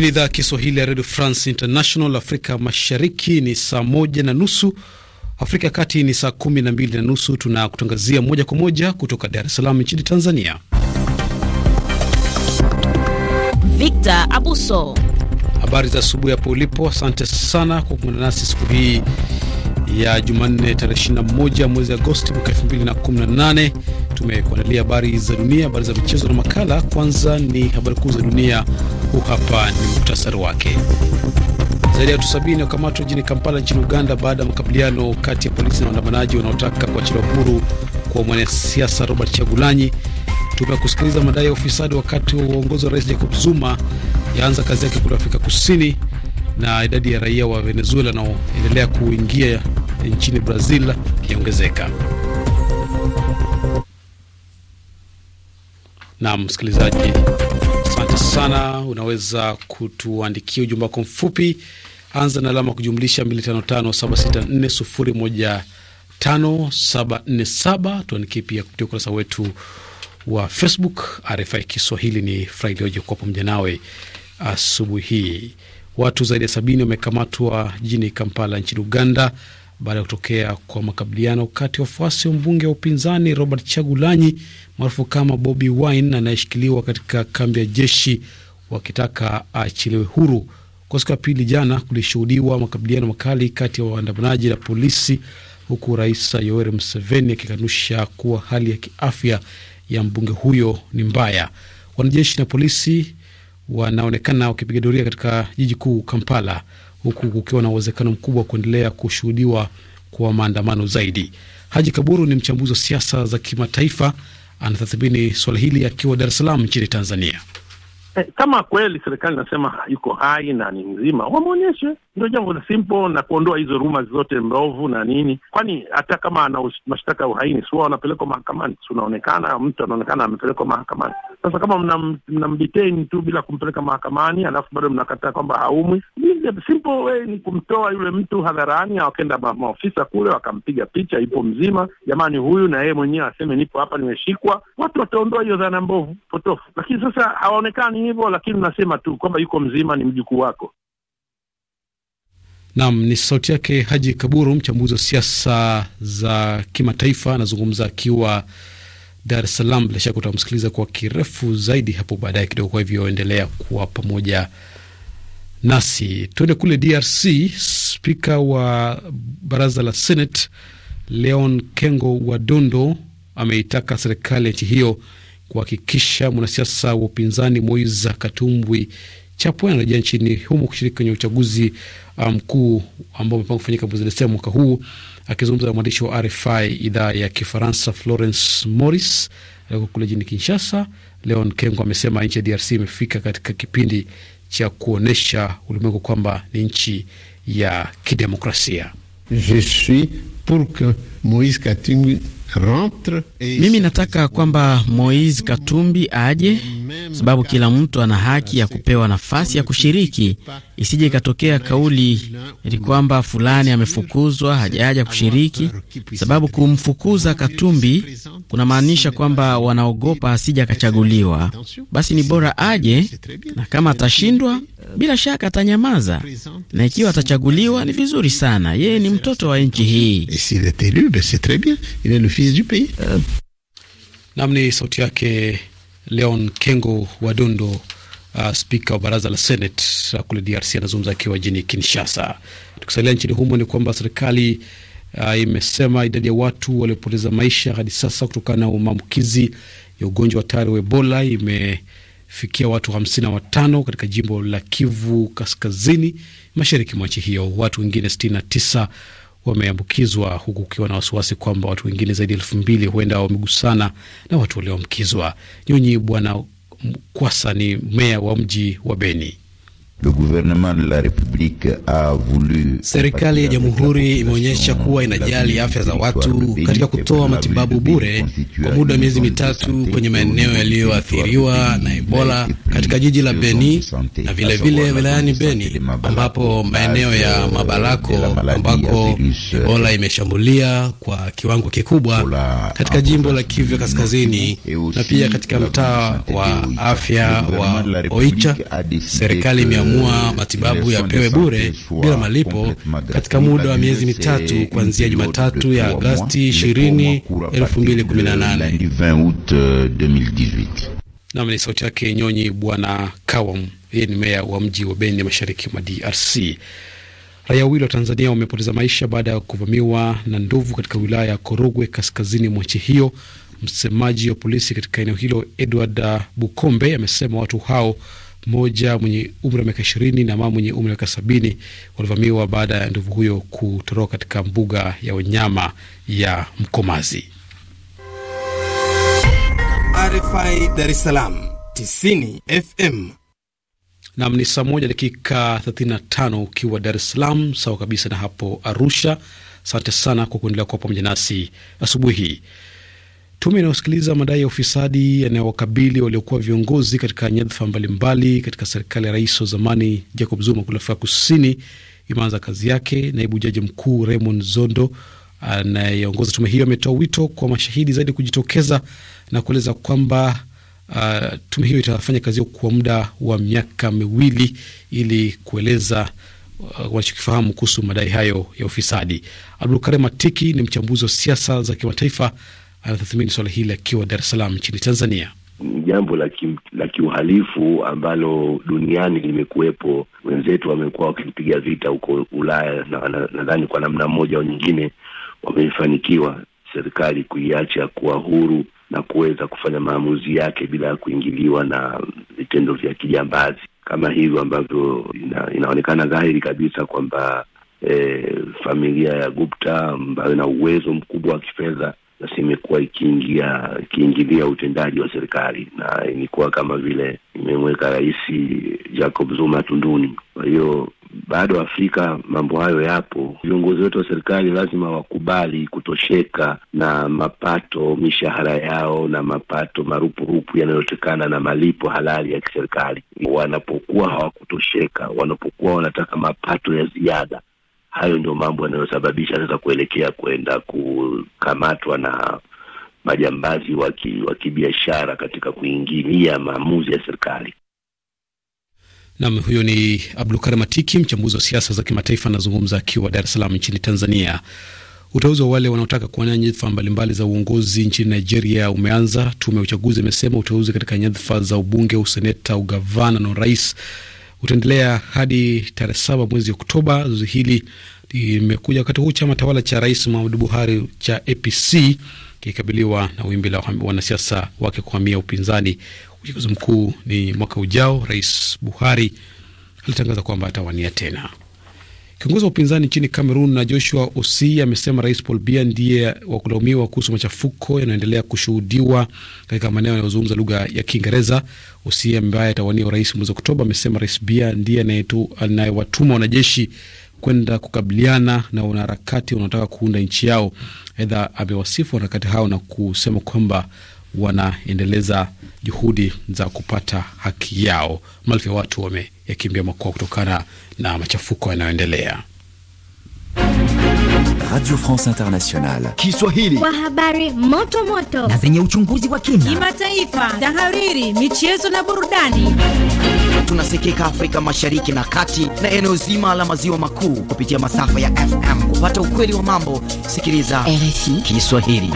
Hii ni idhaa ya Kiswahili ya redio France International. Afrika Mashariki ni saa moja na nusu, Afrika ya Kati ni saa kumi na mbili na nusu. Tunakutangazia moja kwa moja kutoka Dar es Salaam nchini Tanzania. Victor Abuso, habari za asubuhi hapo ulipo. Asante sana kwa kuungana nasi siku hii ya Jumanne tarehe 21 mwezi Agosti mwaka 2018. Tumekuandalia habari za dunia, habari za michezo na makala. Kwanza ni habari kuu za dunia, huu hapa ni muhtasari wake. Zaidi ya watu sabini wakamatwa jijini Kampala nchini Uganda baada ya makabiliano kati ya polisi na waandamanaji wanaotaka kuachiliwa huru kwa mwanasiasa Robert Chagulanyi. Tume ya kusikiliza madai ya ufisadi wakati wa uongozi wa Rais Jacob Zuma yaanza kazi yake kule Afrika Kusini, na idadi ya raia wa Venezuela wanaoendelea kuingia nchini Brazil yaongezeka. Na msikilizaji, asante sana. Unaweza kutuandikia ujumbe wako mfupi, anza na alama kujumlisha 255764015747. Tuandikie pia kupitia ukurasa wetu wa Facebook RFI Kiswahili. Ni furaha iliyoje kuwa pamoja nawe asubuhi hii. Watu zaidi ya sabini wamekamatwa jijini Kampala nchini Uganda baada ya kutokea kwa makabiliano kati ya wafuasi wa mbunge wa upinzani Robert Chagulanyi maarufu kama Bobi Wine anayeshikiliwa katika kambi ya jeshi wakitaka aachiliwe huru. Kwa siku ya pili jana, kulishuhudiwa makabiliano makali kati ya waandamanaji na polisi, huku Rais Yoweri Museveni akikanusha kuwa hali ya kiafya ya mbunge huyo ni mbaya. Wanajeshi na polisi wanaonekana wakipiga doria katika jiji kuu Kampala huku kukiwa na uwezekano mkubwa wa kuendelea kushuhudiwa kwa maandamano zaidi. Haji Kaburu ni mchambuzi wa siasa za kimataifa, anatathmini suala hili akiwa Dar es Salaam nchini Tanzania eh, kama kweli serikali inasema yuko hai na ni mzima, wamwonyeshe. Ndio jambo la simple, na kuondoa hizo ruma zote mbovu na nini, kwani hata kama ana mashtaka ya uhaini, si wanapelekwa mahakamani? Si unaonekana mtu anaonekana amepelekwa mahakamani. Sasa kama mnamdetain mna tu bila kumpeleka mahakamani, alafu bado mnakataa kwamba haumwi, simple way ni kumtoa yule mtu hadharani, wakenda maofisa kule wakampiga picha, ipo mzima jamani, huyu na yeye mwenyewe aseme nipo hapa, nimeshikwa. Watu wataondoa hiyo dhana mbovu potofu, lakini sasa hawaonekani ni hivyo, lakini unasema tu kwamba yuko mzima, ni mjukuu wako. Naam, ni sauti yake Haji Kaburu, mchambuzi wa siasa za kimataifa, anazungumza akiwa Dar es Salaam. Bila shaka utamsikiliza kwa kirefu zaidi hapo baadaye kidogo, kwa hivyo endelea kuwa pamoja nasi. Tuende kule DRC. Spika wa baraza la Senate Leon Kengo Wadondo ameitaka serikali ya nchi hiyo kuhakikisha mwanasiasa wa upinzani Moiza Katumbwi Chapwe anarejea nchini humo kushiriki kwenye uchaguzi ah, mkuu um, ambao umepangwa kufanyika mwezi Desemba mwaka huu. Akizungumza na mwandishi wa RFI idhaa ya Kifaransa Florence Morris aliko eh, kule jini Kinshasa, Leon Kengo amesema nchi ya DRC imefika katika kipindi cha kuonyesha ulimwengu kwamba ni nchi ya kidemokrasia. Je suis pour que Moise Katumbi mimi nataka kwamba Moise Katumbi aje, sababu kila mtu ana haki ya kupewa nafasi ya kushiriki, isije ikatokea kauli ni kwamba fulani amefukuzwa hajaja kushiriki, sababu kumfukuza Katumbi kunamaanisha kwamba wanaogopa asije akachaguliwa. Basi ni bora aje, na kama atashindwa bila shaka atanyamaza, na ikiwa atachaguliwa ni vizuri sana. Yeye ni mtoto wa nchi hii. Nam euh. ni sauti yake Leon Kengo Wadondo, uh, spika wa baraza la Senate uh, kule DRC anazungumza akiwa jini Kinshasa. Tukisalia nchini humo ni kwamba serikali uh, imesema idadi ya watu waliopoteza maisha hadi sasa kutokana na maambukizi ya ugonjwa hatari wa Ebola ime fikia watu 55 katika jimbo la Kivu Kaskazini, mashariki mwa nchi hiyo. Watu wengine 69 wameambukizwa huku ukiwa na wasiwasi kwamba watu wengine zaidi ya elfu mbili huenda wamegusana na watu walioambukizwa. Nyonyi Bwana Kwasa ni meya wa mji wa Beni. Serikali ya jamhuri imeonyesha kuwa inajali afya za watu katika kutoa matibabu bure kwa muda wa miezi mitatu kwenye maeneo yaliyoathiriwa na Ebola katika jiji la Beni na vilevile wilayani Beni, ambapo maeneo ya euh, Mabalako ambako euh, Ebola imeshambulia kwa kiwango kikubwa katika jimbo la Kivu Kaskazini na pia katika mtaa wa afya wa Oicha serikali kuamua matibabu yapewe bure bila malipo katika muda wa miezi mitatu kuanzia Jumatatu ya Agasti 20, 2018. Nam ni sauti yake Nyonyi Bwana Kawam, yeye ni meya wa mji wa Beni mashariki mwa DRC. Raia wawili wa Tanzania wamepoteza maisha baada ya kuvamiwa na ndovu katika wilaya ya Korogwe kaskazini mwa nchi hiyo. Msemaji wa polisi katika eneo hilo Edward Bukombe amesema watu hao mmoja mwenye umri wa miaka ishirini na mama mwenye umri wa miaka sabini walivamiwa baada ya ndovu huyo kutoroka katika mbuga ya wanyama ya Mkomazi. RFI Dar es Salaam 90 FM. Nam ni saa moja dakika 35 ukiwa Dar es Salaam, sawa kabisa na hapo Arusha. Asante sana kwa kuendelea kuwa pamoja nasi asubuhi hii. Tume inayosikiliza madai ya ufisadi yanayowakabili waliokuwa viongozi katika nyadhifa mbalimbali katika serikali ya rais wa zamani Jacob Zuma kule Afrika Kusini imeanza kazi yake. Naibu jaji mkuu Raymond Zondo anayeongoza tume hiyo ametoa wito kwa mashahidi zaidi kujitokeza na kueleza kwamba uh, tume hiyo itafanya kazi kwa muda wa miaka miwili ili kueleza uh, wanachokifahamu kuhusu madai hayo ya ufisadi. Abdulkarim Atiki ni mchambuzi wa siasa za kimataifa anatathmini swala hili akiwa Dar es Salaam nchini Tanzania. Ni jambo la kiuhalifu ambalo duniani limekuwepo. Wenzetu wamekuwa wakipiga vita huko Ulaya, nadhani na, na kwa namna moja au nyingine wamefanikiwa serikali kuiacha kuwa huru na kuweza kufanya maamuzi yake bila ya kuingiliwa na vitendo vya kijambazi kama hivyo ambavyo ina, inaonekana dhahiri kabisa kwamba e, familia ya Gupta ambayo ina uwezo mkubwa wa kifedha na imekuwa ikiingia ikiingilia utendaji wa serikali na ilikuwa kama vile imemweka Rais Jacob Zuma tunduni. Kwa hiyo bado Afrika mambo hayo yapo. Viongozi wetu wa serikali lazima wakubali kutosheka na mapato, mishahara yao na mapato marupurupu yanayotokana na malipo halali ya kiserikali. Wanapokuwa hawakutosheka, wanapokuwa wanataka mapato ya ziada hayo ndio mambo yanayosababisha sasa kuelekea kwenda kukamatwa na majambazi wa kibiashara katika kuingilia maamuzi ya serikali. Nam, huyo ni Abdulkarim matiki mchambuzi wa siasa za kimataifa, anazungumza akiwa Dar es Salaam nchini Tanzania. Uteuzi wa wale wanaotaka kuwania nyadhifa mbalimbali za uongozi nchini Nigeria umeanza. Tume ya uchaguzi imesema uteuzi katika nyadhifa za ubunge, useneta, ugavana na no urais utaendelea hadi tarehe saba mwezi Oktoba. Zoezi hili limekuja wakati huu chama tawala cha Rais Muhammadu Buhari cha APC kikabiliwa na wimbi la wanasiasa wake kuhamia upinzani. Uchaguzi mkuu ni mwaka ujao. Rais Buhari alitangaza kwamba atawania tena. Kiongozi wa upinzani nchini cameroon na Joshua Osi amesema Rais Paul Bia ndiye wa kulaumiwa kuhusu machafuko yanayoendelea kushuhudiwa katika maeneo yanayozungumza lugha ya Kiingereza. Osi ambaye atawania urais mwezi Oktoba amesema Rais Bia ndiye anayewatuma wanajeshi kwenda kukabiliana na wanaharakati wanaotaka kuunda nchi yao. Aidha, amewasifu wanaharakati hao na kusema kwamba wanaendeleza juhudi za kupata haki yao. Maelfu ya watu wameyakimbia makwao kutokana na machafuko yanayoendelea. Radio France Internationale Kiswahili, kwa habari moto moto na zenye uchunguzi wa kina, kimataifa, tahariri, michezo na burudani. Tunasikika Afrika Mashariki na Kati na eneo zima la maziwa makuu kupitia masafa ya FM. Kupata ukweli wa mambo, sikiliza RFI Kiswahili.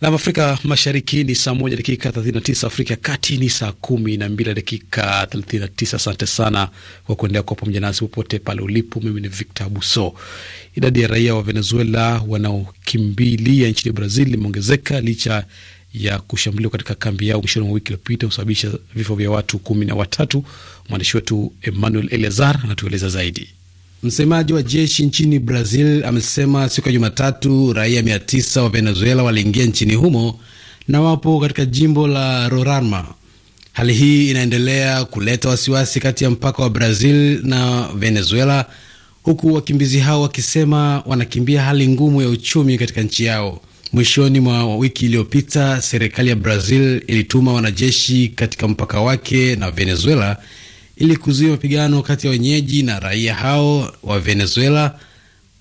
Nam Afrika Mashariki ni saa moja dakika 39, Afrika ya Kati ni saa kumi na mbili dakika 39. Asante sana kwa kuendelea kuwa pamoja nasi popote pale ulipo. Mimi ni Victor Abuso. Idadi ya raia wa Venezuela wanaokimbilia nchini Brazil limeongezeka licha ya kushambuliwa katika kambi yao mwishoni mwa wiki iliyopita kusababisha vifo vya watu kumi na watatu. Mwandishi wetu Emmanuel Eleazar anatueleza zaidi. Msemaji wa jeshi nchini Brazil amesema siku ya Jumatatu raia 9 wa Venezuela waliingia nchini humo na wapo katika jimbo la Roraima. Hali hii inaendelea kuleta wasiwasi kati ya mpaka wa Brazil na Venezuela, huku wakimbizi hao wakisema wanakimbia hali ngumu ya uchumi katika nchi yao. Mwishoni mwa wiki iliyopita, serikali ya Brazil ilituma wanajeshi katika mpaka wake na Venezuela ili kuzuia mapigano kati ya wenyeji na raia hao wa Venezuela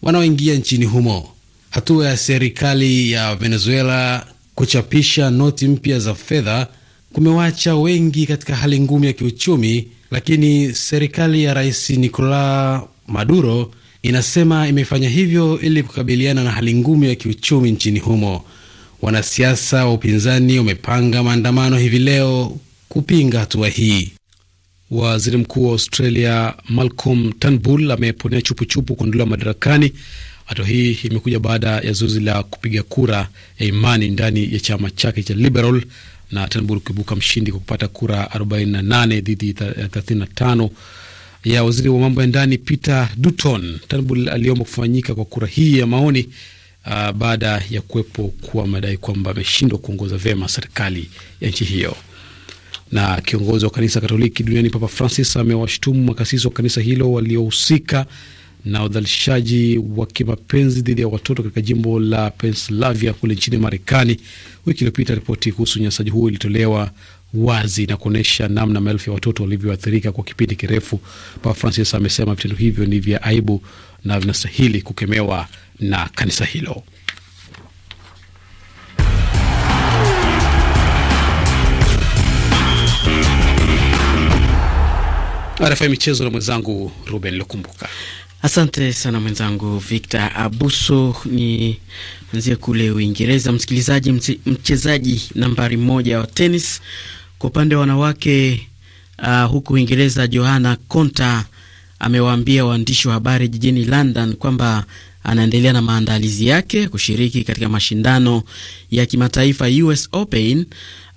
wanaoingia nchini humo. Hatua ya serikali ya Venezuela kuchapisha noti mpya za fedha kumewacha wengi katika hali ngumu ya kiuchumi, lakini serikali ya Rais Nicolas Maduro inasema imefanya hivyo ili kukabiliana na hali ngumu ya kiuchumi nchini humo. Wanasiasa wa upinzani wamepanga maandamano hivi leo kupinga hatua hii. Waziri mkuu wa Australia Malcolm Turnbull ameponea chupuchupu kuondolewa madarakani. Hatua hii imekuja baada ya zoezi la kupiga kura ya imani ndani ya chama chake cha Liberal na Turnbull kuibuka mshindi kwa kupata kura 48 dhidi ya 35 ya waziri wa mambo ya ndani Peter Dutton. Turnbull aliomba kufanyika kwa kura hii ya maoni uh, baada ya kuwepo kuwa madai kwamba ameshindwa kuongoza vyema serikali ya nchi hiyo. Na kiongozi wa kanisa Katoliki duniani Papa Francis amewashutumu makasisi wa kanisa hilo waliohusika na udhalishaji wa kimapenzi dhidi ya watoto katika jimbo la Pennsylvania kule nchini Marekani. Wiki iliyopita ripoti kuhusu unyanyasaji huo ilitolewa wazi na kuonyesha namna maelfu ya watoto walivyoathirika kwa kipindi kirefu. Papa Francis amesema vitendo hivyo ni vya aibu na vinastahili kukemewa na kanisa hilo. RFI michezo na mwenzangu Ruben Lukumbuka. Asante sana mwenzangu Victor Abuso. ni anzie kule Uingereza, msikilizaji. Mchezaji nambari moja wa tenis kwa upande wa wanawake uh, huku Uingereza, Johanna Konta amewaambia waandishi wa habari jijini London kwamba anaendelea na maandalizi yake kushiriki katika mashindano ya kimataifa US Open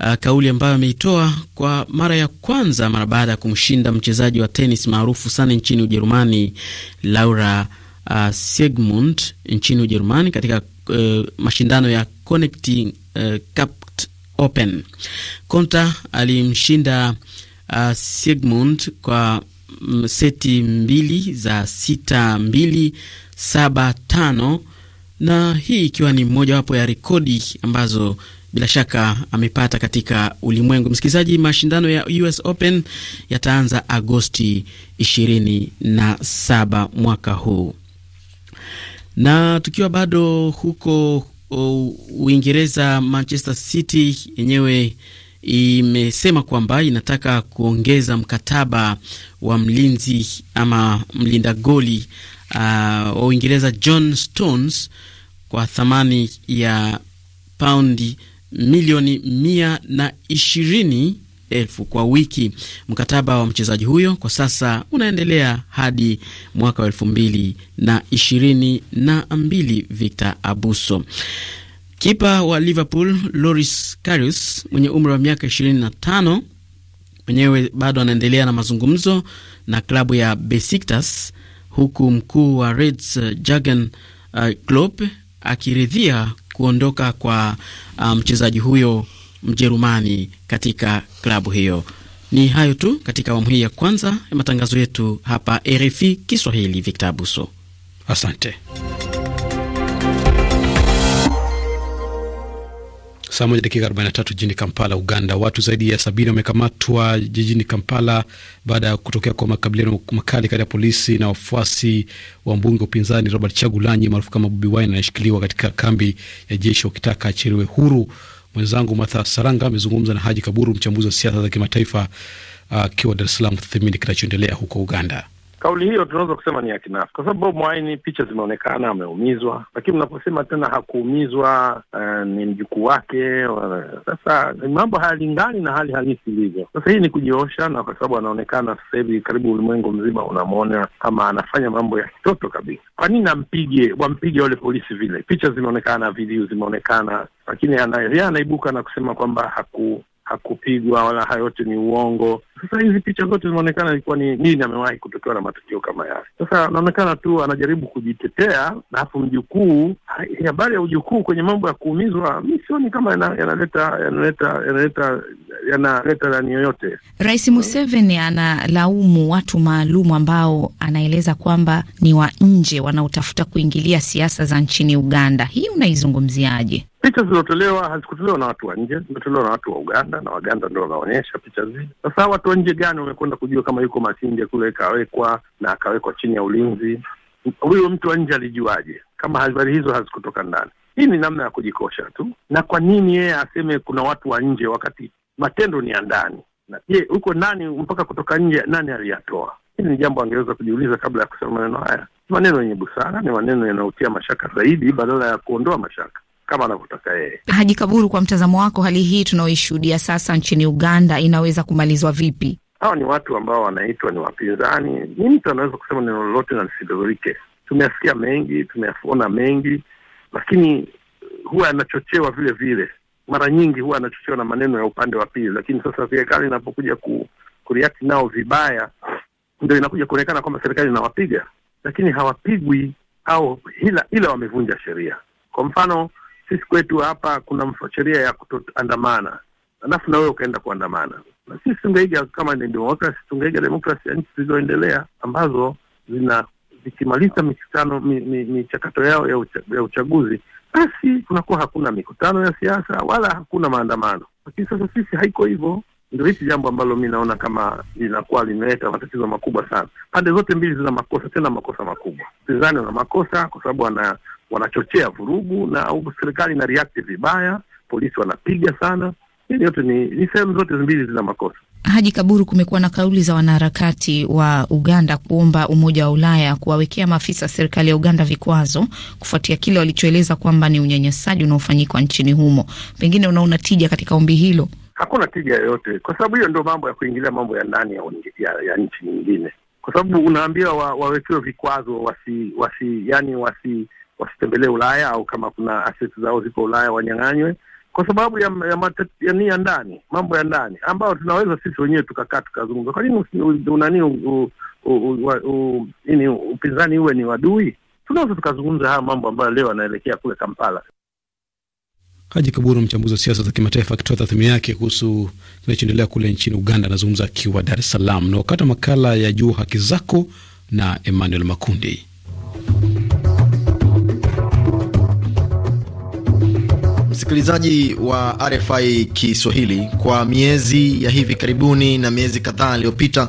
uh, kauli ambayo ameitoa kwa mara ya kwanza mara baada ya kumshinda mchezaji wa tenis maarufu sana nchini Ujerumani Laura uh, Siegmund nchini Ujerumani katika uh, mashindano ya Connecting uh, Cup Open. Konta alimshinda uh, Siegmund kwa mm, seti mbili za sita mbili saba tano na hii ikiwa ni mojawapo ya rekodi ambazo bila shaka amepata katika ulimwengu. Msikilizaji, mashindano ya US Open yataanza Agosti 27 mwaka huu. Na tukiwa bado huko Uingereza, Manchester City yenyewe imesema kwamba inataka kuongeza mkataba wa mlinzi ama mlinda goli uh, wa Uingereza John Stones kwa thamani ya paundi milioni mia na ishirini elfu kwa wiki. Mkataba wa mchezaji huyo kwa sasa unaendelea hadi mwaka wa elfu mbili na ishirini na mbili. Victor Abuso kipa wa Liverpool Loris Karius mwenye umri wa miaka tano mwenyewe bado anaendelea na mazungumzo na klabu ya Besiktas huku mkuu wa Reds Jurgen uh, Klopp akiridhia kuondoka kwa uh, mchezaji um, huyo Mjerumani katika klabu hiyo. Ni hayo tu katika awamu hii ya kwanza ya matangazo yetu hapa RFI Kiswahili. Victor Abuso, asante. Saa moja dakika 43 jijini Kampala, Uganda. Watu zaidi ya sabini wamekamatwa jijini Kampala baada ya kutokea kwa makabiliano makali kati ya polisi na wafuasi wa mbunge wa upinzani Robert Chagulanyi maarufu kama Bobi Wine anayeshikiliwa katika kambi ya jeshi wakitaka achiriwe huru. Mwenzangu Martha Saranga amezungumza na Haji Kaburu, mchambuzi wa siasa za kimataifa akiwa uh, Dar es Salaam, kutathimini kinachoendelea huko Uganda. Kauli hiyo tunaweza kusema ni ya kinafsi, kwa sababu Bob Wine, picha zimeonekana ameumizwa, lakini unaposema tena hakuumizwa, uh, ni mjukuu wake. Eh, sasa mambo hayalingani na hali halisi ilivyo. Sasa hii ni kujiosha, na kwa sababu anaonekana sasa hivi karibu ulimwengu mzima unamwona kama anafanya mambo ya kitoto kabisa. Kwa nini ampige, wampige wale polisi vile? Picha zimeonekana, video zimeonekana, lakini yeye anaibuka na kusema kwamba haku hakupigwa wala hayote ni uongo. Sasa hizi picha zote zinaonekana ilikuwa ni nini, amewahi kutokewa na matukio kama yale. Sasa anaonekana tu anajaribu kujitetea, alafu mjukuu, habari ya ujukuu kwenye mambo ya kuumizwa, mi sioni kama yanaleta yanaleta yanaleta yanaleta nani yoyote. Rais Museveni analaumu watu maalum ambao anaeleza kwamba ni wa nje wanaotafuta kuingilia siasa za nchini Uganda. Hii unaizungumziaje? Picha zilizotolewa hazikutolewa na watu wa nje, zimetolewa na watu wa Uganda na Waganda ndo wanaonyesha picha zile. Sasa watu kwa nje gani umekwenda kujua kama yuko Masinde kule kawekwa na akawekwa chini ya ulinzi? Huyo mtu wa nje alijuaje kama habari hizo hazikutoka ndani? Hii ni namna ya kujikosha tu. Na kwa nini yeye aseme kuna watu wa nje wakati matendo ni ya ndani? Na je, huko nani mpaka kutoka nje, nani aliyatoa? Hili ni jambo angeweza kujiuliza kabla ya kusema maneno haya. Maneno yenye busara ni maneno yanayotia mashaka zaidi badala ya kuondoa mashaka kama anavyotaka yeye. Haji Kaburu, kwa mtazamo wako, hali hii tunaoishuhudia sasa nchini Uganda inaweza kumalizwa vipi? Hawa ni watu ambao wanaitwa ni wapinzani. Ni mtu anaweza kusema neno lolote na lisidhurike. Tumeyasikia mengi, tumeyaona mengi, lakini huwa anachochewa vile vile, mara nyingi huwa anachochewa na maneno ya upande wa pili, lakini sasa serikali inapokuja ku, kureact nao vibaya, ndio inakuja kuonekana kwamba serikali inawapiga, lakini hawapigwi au ila, ila wamevunja sheria. Kwa mfano sisi kwetu hapa kuna sheria ya kutoandamana, alafu na wewe ukaenda kuandamana, na sisi tungeiga kama ni demokrasi, tungeiga demokrasi ya nchi zilizoendelea ambazo zina zikimaliza mikutano michakato mi, mi yao ya, ucha, ya uchaguzi basi kunakuwa hakuna mikutano ya siasa wala hakuna maandamano. Lakini sasa sisi haiko hivyo, ndio hili jambo ambalo mi naona kama linakuwa limeleta matatizo makubwa sana. Pande zote mbili zina makosa, tena makosa makubwa. Pinzani wana makosa kwa sababu wana wanachochea vurugu, na serikali ina react vibaya, polisi wanapiga sana. Hili yote ni, ni sehemu zote mbili zina makosa. Haji Kaburu, kumekuwa na kauli za wanaharakati wa Uganda kuomba Umoja wa Ulaya kuwawekea maafisa serikali ya Uganda vikwazo kufuatia kile walichoeleza kwamba ni unyanyasaji unaofanyika nchini humo. Pengine unaona tija katika ombi hilo? Hakuna tija yoyote, kwa sababu hiyo ndio mambo ya kuingilia mambo ya ndani ya, ya, ya nchi nyingine, kwa wawekewe vikwazo wasi, wasi, yani wasi wasitembelee Ulaya au kama kuna asesi zao ziko Ulaya wanyang'anywe kwa sababu ya ya, matet, ya, ya ndani mambo ya ndani ambayo tunaweza sisi wenyewe tukakaa tukazungumza. Kwa nini nini upinzani uwe ni wadui? Tunaweza tukazungumza haya mambo ambayo leo yanaelekea kule Kampala. Haji Kaburu, mchambuzi wa siasa za kimataifa, akitoa tathmini yake kuhusu kinachoendelea kule nchini Uganda. Anazungumza akiwa Dar es Salaam na wakati wa makala ya juu Haki Zako na Emmanuel Makundi. msikilizaji wa RFI Kiswahili, kwa miezi ya hivi karibuni na miezi kadhaa iliyopita,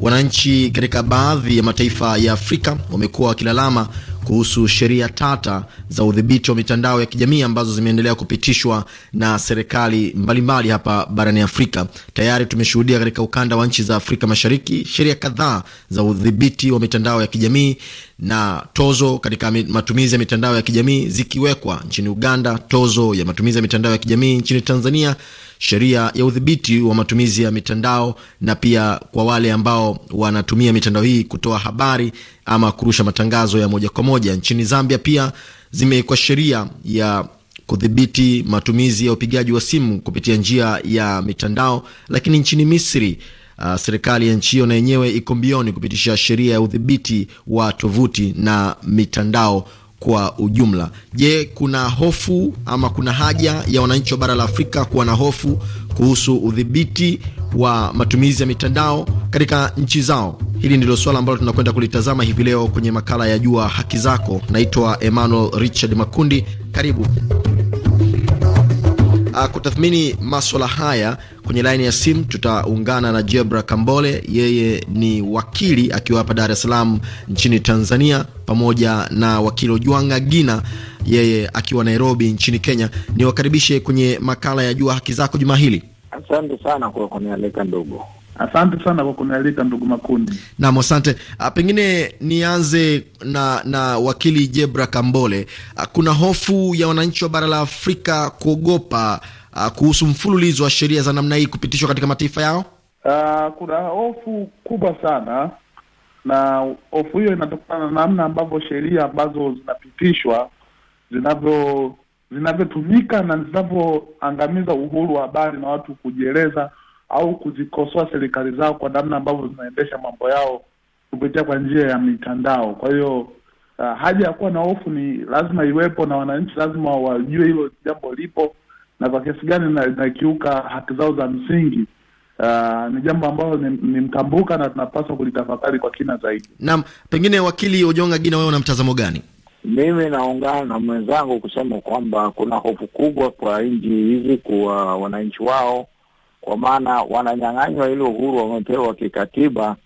wananchi katika baadhi ya mataifa ya Afrika wamekuwa wakilalama kuhusu sheria tata za udhibiti wa mitandao ya kijamii ambazo zimeendelea kupitishwa na serikali mbalimbali mbali hapa barani Afrika. Tayari tumeshuhudia katika ukanda wa nchi za Afrika Mashariki sheria kadhaa za udhibiti wa mitandao ya kijamii na tozo katika matumizi ya mitandao ya kijamii zikiwekwa nchini Uganda, tozo ya matumizi ya mitandao ya kijamii nchini Tanzania, sheria ya udhibiti wa matumizi ya mitandao, na pia kwa wale ambao wanatumia mitandao hii kutoa habari ama kurusha matangazo ya moja kwa moja. Nchini Zambia pia zimewekwa sheria ya kudhibiti matumizi ya upigaji wa simu kupitia njia ya mitandao, lakini nchini Misri Uh, serikali ya nchi hiyo na yenyewe iko mbioni kupitisha sheria ya udhibiti wa tovuti na mitandao kwa ujumla. Je, kuna hofu ama kuna haja ya wananchi wa bara la Afrika kuwa na hofu kuhusu udhibiti wa matumizi ya mitandao katika nchi zao. Hili ndilo suala ambalo tunakwenda kulitazama hivi leo kwenye makala ya Jua Haki Zako. Naitwa Emmanuel Richard Makundi, karibu ah, kutathmini maswala haya kwenye laini ya simu tutaungana na Jebra Kambole, yeye ni wakili akiwa hapa Dar es Salaam nchini Tanzania, pamoja na wakili Ojwanga Gina, yeye akiwa Nairobi nchini Kenya. Niwakaribishe kwenye makala ya Jua Haki Zako juma hili. Asante sana kwa kunialika ndugu. Asante sana kwa kunialika ndugu Makundi. Naam, asante. Ah, pengine nianze na na wakili Jebra Kambole. A, ah, kuna hofu ya wananchi wa bara la Afrika kuogopa a, ah, kuhusu mfululizo wa sheria za namna hii kupitishwa katika mataifa yao. A, kuna hofu kubwa sana, na hofu hiyo inatokana na namna ambavyo sheria ambazo zinapitishwa zinavyo zinavyotumika na zinavyoangamiza uhuru wa habari na watu kujieleza au kuzikosoa serikali zao kwa namna ambavyo zinaendesha mambo yao kupitia kwa njia ya mitandao. Kwa hiyo uh, haja ya kuwa na hofu ni lazima iwepo, na wananchi lazima wajue hilo jambo lipo na kwa kiasi gani inakiuka haki zao za msingi. Uh, ni jambo ambalo ni, ni mtambuka na tunapaswa kulitafakari kwa kina zaidi. Naam, pengine wakili Ojonga Gina, wewe una mtazamo gani? Mimi naungana na mwenzangu kusema kwamba kuna hofu kubwa kwa nchi hizi kwa wananchi wao, kwa maana wananyang'anywa ile uhuru wamepewa kikatiba.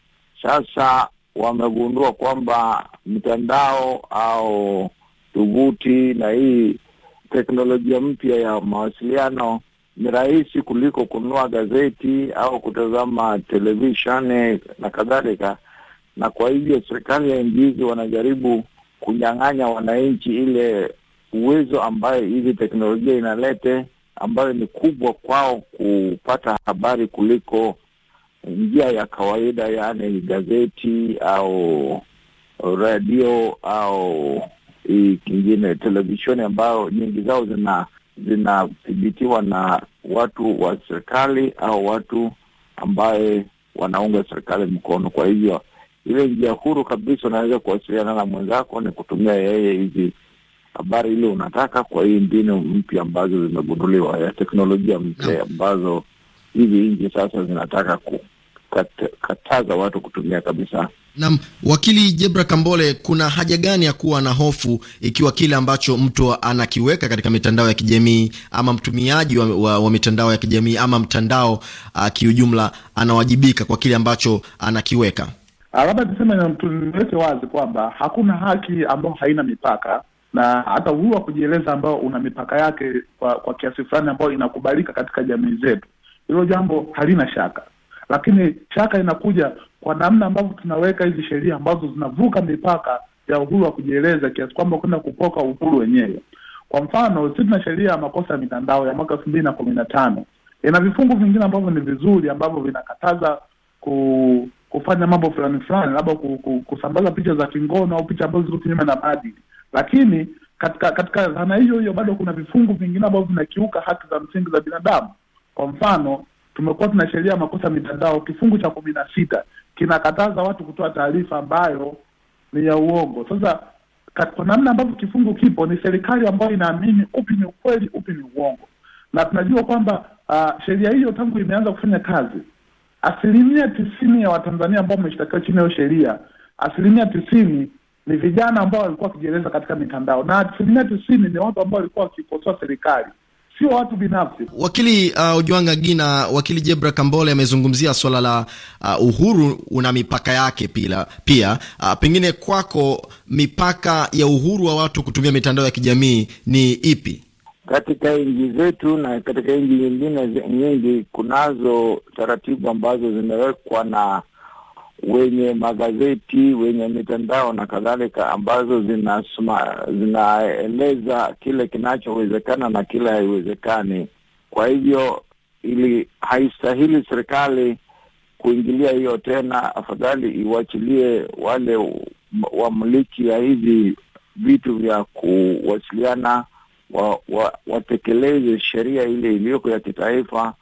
Sasa wamegundua kwamba mtandao au tuvuti na hii teknolojia mpya ya mawasiliano ni rahisi kuliko kununua gazeti au kutazama televisheni na kadhalika, na kwa hivyo serikali ya nchi hizi wanajaribu kunyang'anya wananchi ile uwezo ambayo hizi teknolojia inalete ambayo ni kubwa kwao kupata habari kuliko njia ya kawaida, yaani gazeti au radio au hii kingine televisheni, ambayo nyingi zao zina zinathibitiwa na watu wa serikali au watu ambaye wanaunga serikali mkono. Kwa hivyo ile njia huru kabisa unaweza kuwasiliana na mwenzako ni kutumia yeye hizi habari ile unataka kwa hii mbinu mpya ambazo zimegunduliwa ya teknolojia mpya ambazo hizi nchi sasa zinataka kukataza watu kutumia kabisa. Naam, wakili Jebra Kambole, kuna haja gani ya kuwa na hofu ikiwa kile ambacho mtu anakiweka katika mitandao ya kijamii ama mtumiaji wa, wa, wa mitandao ya kijamii ama mtandao uh, kiujumla anawajibika kwa kile ambacho anakiweka? Ah, labda tuseme tuliweke wazi kwamba hakuna haki ambayo haina mipaka na hata uhuru wa kujieleza ambao una mipaka yake kwa, kwa kiasi fulani ambayo inakubalika katika jamii zetu. Hilo jambo halina shaka, lakini shaka inakuja kwa namna ambavyo tunaweka hizi sheria ambazo zinavuka mipaka ya uhuru wa kujieleza kiasi kwamba kwenda kupoka uhuru wenyewe. Kwa mfano, sisi tuna sheria ya makosa ya mitandao ya mwaka elfu mbili na kumi na tano ina vifungu vingine ambavyo ni vizuri ambavyo vinakataza ku kufanya mambo fulani fulani, labda kusambaza picha za kingono au picha ambazo ziko kinyume na maadili, lakini katika katika dhana hiyo hiyo bado kuna vifungu vingine ambavyo vinakiuka haki za msingi za binadamu. Kwa mfano, tumekuwa tuna sheria ya makosa mitandao, kifungu cha kumi na sita kinakataza watu kutoa taarifa ambayo ni ya uongo. Sasa kwa namna ambavyo kifungu kipo, ni serikali ambayo inaamini upi ni ukweli, upi ni uongo, na tunajua kwamba uh, sheria hiyo tangu imeanza kufanya kazi Asilimia tisini ya Watanzania ambao wameshtakiwa chini ya sheria, asilimia tisini ni vijana ambao walikuwa wakijieleza katika mitandao, na asilimia tisini ni watu ambao walikuwa wakikosoa serikali, sio watu binafsi. Wakili uh, Ojwanga Gina, wakili Jebra Kambole amezungumzia swala la uh, uhuru una mipaka yake pila, pia uh, pengine kwako mipaka ya uhuru wa watu kutumia mitandao ya kijamii ni ipi? katika nchi zetu na katika nchi nyingine nyingi, kunazo taratibu ambazo zimewekwa na wenye magazeti, wenye mitandao na kadhalika, ambazo zinasuma, zinaeleza kile kinachowezekana na kile haiwezekani. Kwa hivyo ili haistahili serikali kuingilia hiyo tena, afadhali iwachilie wale wamiliki ya hivi vitu vya kuwasiliana wa, wa, watekeleze sheria ile iliyoko ya kitaifa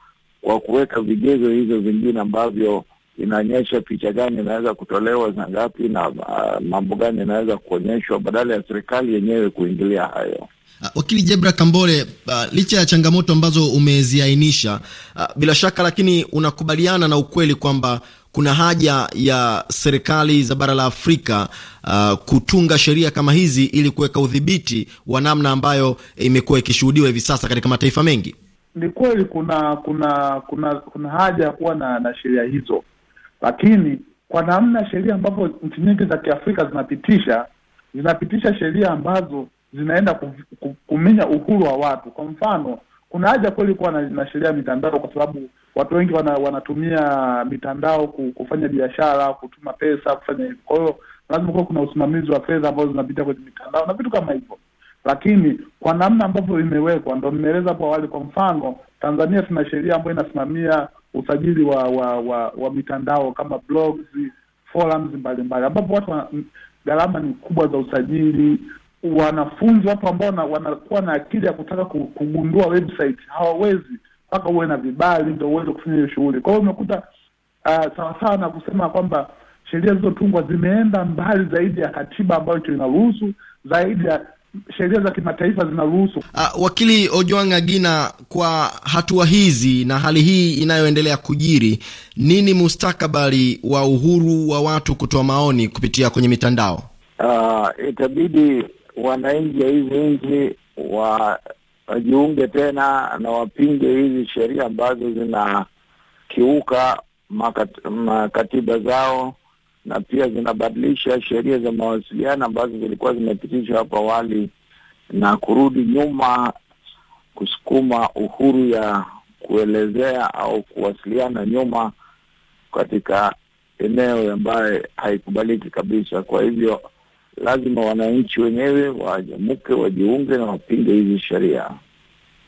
kwa kuweka vigezo hivyo vingine ambavyo inaonyesha picha gani inaweza kutolewa na ngapi na uh, mambo gani inaweza kuonyeshwa badala ya serikali yenyewe kuingilia hayo. Ah, wakili Jebra Kambole, uh, licha ya changamoto ambazo umeziainisha, uh, bila shaka lakini unakubaliana na ukweli kwamba kuna haja ya serikali za bara la Afrika uh, kutunga sheria kama hizi ili kuweka udhibiti wa namna ambayo imekuwa ikishuhudiwa hivi sasa katika mataifa mengi. Ni kweli kuna kuna kuna kuna haja ya kuwa na, na sheria hizo, lakini kwa namna sheria ambapo nchi nyingi za Kiafrika zinapitisha zinapitisha sheria ambazo zinaenda kuminya uhuru wa watu. Kwa mfano kuna haja kweli kuwa na, na sheria ya mitandao, kwa sababu watu wengi wana, wanatumia mitandao kufanya biashara, kutuma pesa, kufanya hivyo. Kwa hiyo lazima kuwa kuna usimamizi wa fedha ambazo zinapita kwenye mitandao na vitu kama hivyo, lakini kwa namna ambavyo imewekwa, ndo nimeeleza hapo awali. Kwa mfano, Tanzania tuna sheria ambayo inasimamia usajili wa wa, wa wa mitandao kama blogs, forums mbalimbali, ambapo watu gharama ni kubwa za usajili wanafunzi, watu ambao wanakuwa na akili ya kutaka kugundua website hawawezi, mpaka uwe na vibali ndo uweze kufanya hiyo shughuli. Kwa hiyo umekuta uh, ah, sawasawa na kusema kwamba sheria zilizotungwa zimeenda mbali zaidi ya katiba ambayo inaruhusu zaidi ya sheria za kimataifa zinaruhusu. Uh, wakili Ojwang Agina, kwa hatua hizi na hali hii inayoendelea kujiri, nini mustakabali wa uhuru wa watu kutoa maoni kupitia kwenye mitandao? Uh, itabidi wananchi wa hizi wa wajiunge tena na wapinge hizi sheria ambazo zinakiuka makat, makatiba zao na pia zinabadilisha sheria za mawasiliano ambazo zilikuwa zimepitishwa hapo awali na kurudi nyuma kusukuma uhuru ya kuelezea au kuwasiliana nyuma katika eneo ambayo haikubaliki kabisa. Kwa hivyo lazima wananchi wenyewe wajamuke wajiunge na wapinge hizi sheria.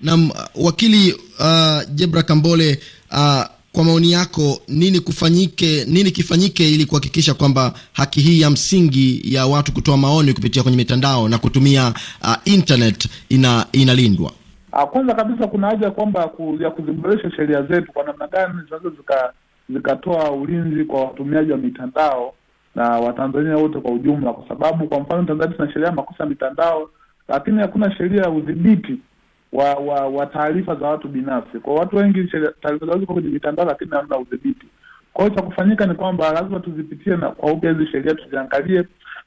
Naam, wakili uh, Jebra Kambole, uh, kwa maoni yako nini kufanyike, nini kifanyike ili kuhakikisha kwamba haki hii ya msingi ya watu kutoa maoni kupitia kwenye mitandao na kutumia uh, internet ina inalindwa? Ah, kwanza kabisa kuna haja kwamba ku, ya kuziboresha sheria zetu kwa namna gani zinaweza zikatoa ulinzi kwa watumiaji wa mitandao na Watanzania wote kwa ujumla, kwa sababu kwa mfano Tanzania tuna sheria ya makosa ya mitandao, lakini hakuna sheria ya udhibiti wa wa, wa taarifa za watu binafsi. Kwa watu wengi taarifa zao ziko kwenye mitandao, lakini hamna udhibiti. Kwa hiyo cha kufanyika ni kwamba lazima tuzipitie na kwa upya hizi sheria, tuziangalie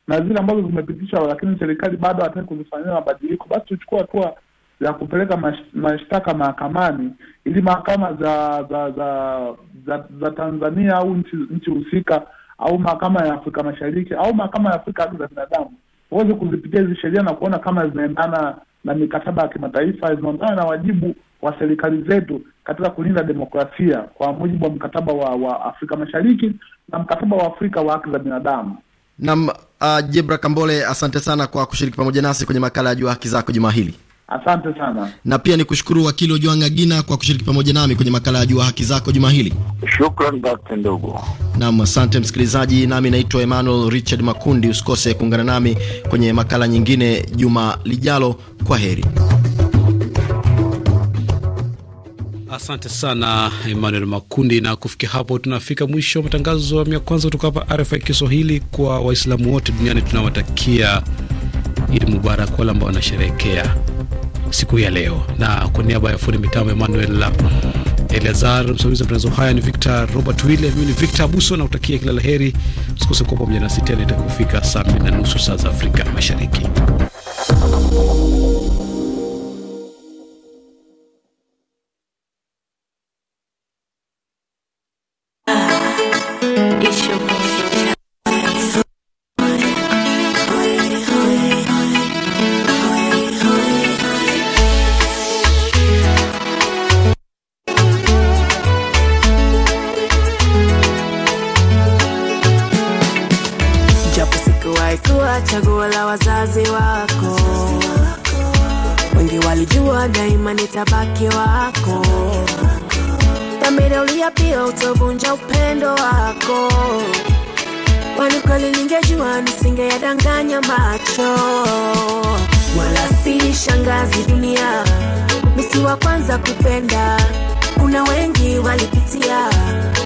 na zile ambazo zimepitishwa, lakini serikali bado hataki kuzifanyia mabadiliko, basi tuchukue hatua ya kupeleka mashtaka mahakamani ili mahakama za za za za, za Tanzania au nchi nchi husika au mahakama ya Afrika Mashariki au mahakama ya Afrika haki za binadamu waweze kuzipitia hizi sheria na kuona kama zinaendana na mikataba ya kimataifa, zinaendana na wajibu wa serikali zetu katika kulinda demokrasia kwa mujibu wa mkataba wa, wa Afrika Mashariki na mkataba wa Afrika wa haki za binadamu. Naam, uh, Jebra Kambole, asante sana kwa kushiriki pamoja nasi kwenye makala ya Jua Haki Zako juma hili. Asante sana, na pia nikushukuru wakili Ojwanga agina kwa kushiriki pamoja nami kwenye makala ya Jua Haki Zako juma hili. Shukran Dkt. ndugu. Naam, asante msikilizaji, nami naitwa Emmanuel Richard Makundi. Usikose kuungana nami kwenye makala nyingine juma lijalo. Kwa heri. Asante sana Emmanuel Makundi. Na kufikia hapo, tunafika mwisho wa matangazo ya mia kwanza kutoka hapa RFI Kiswahili. Kwa Waislamu wote duniani tunawatakia Idi Mubarak wale ambao wanasherehekea siku ya leo, na kwa niaba ya fundi mitambo Emmanuel Eleazar, msimamizi wa matangazo haya ni Victor Robert Wille, mimi ni Victor Abuso na utakia kila la heri. Usikose kuwa pamoja nasi tena itakufika saa mbili na nusu saa za Afrika Mashariki.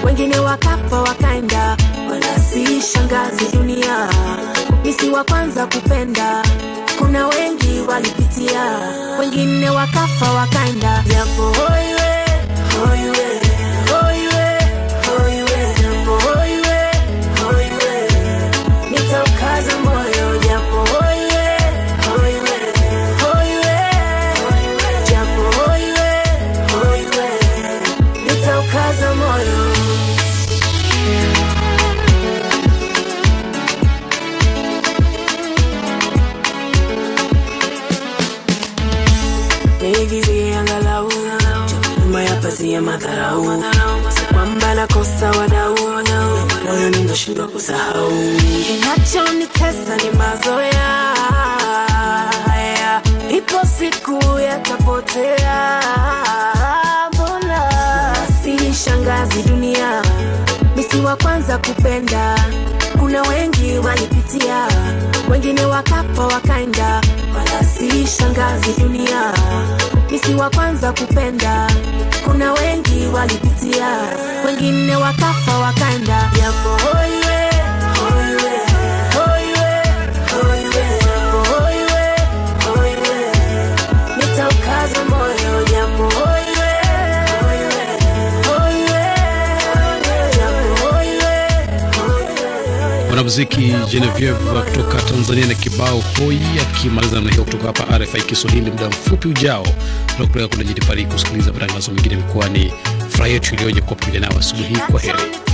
wengine wakafa wakaenda, wala si shangazi dunia, mi si wa kwanza kupenda, kuna wengi walipitia, wengine wakafa wakaenda, japo hoiwe hoiwe nashindwa kusahau. Kinachonitesa ni mazoea haya, ipo siku yatapotea. kuanza kupenda. Kuna wengi walipitia, wengine wakafa wakaenda, wala si shangazi dunia. Misi wa kwanza kupenda, kuna wengi walipitia, wengine wakafa wakaenda, yapo hoiwe hoiwe Nitaukaza moyo mwanamuziki Genevieve kutoka Tanzania na kibao hoi, akimaliza namna hiyo kutoka hapa RFI Kiswahili. Muda mfupi ujao tunakupeleka kule jijini Paris kusikiliza matangazo mengine mikoani. Furaha yetu iliyoje kwa pamoja nao asubuhi. Kwa heri.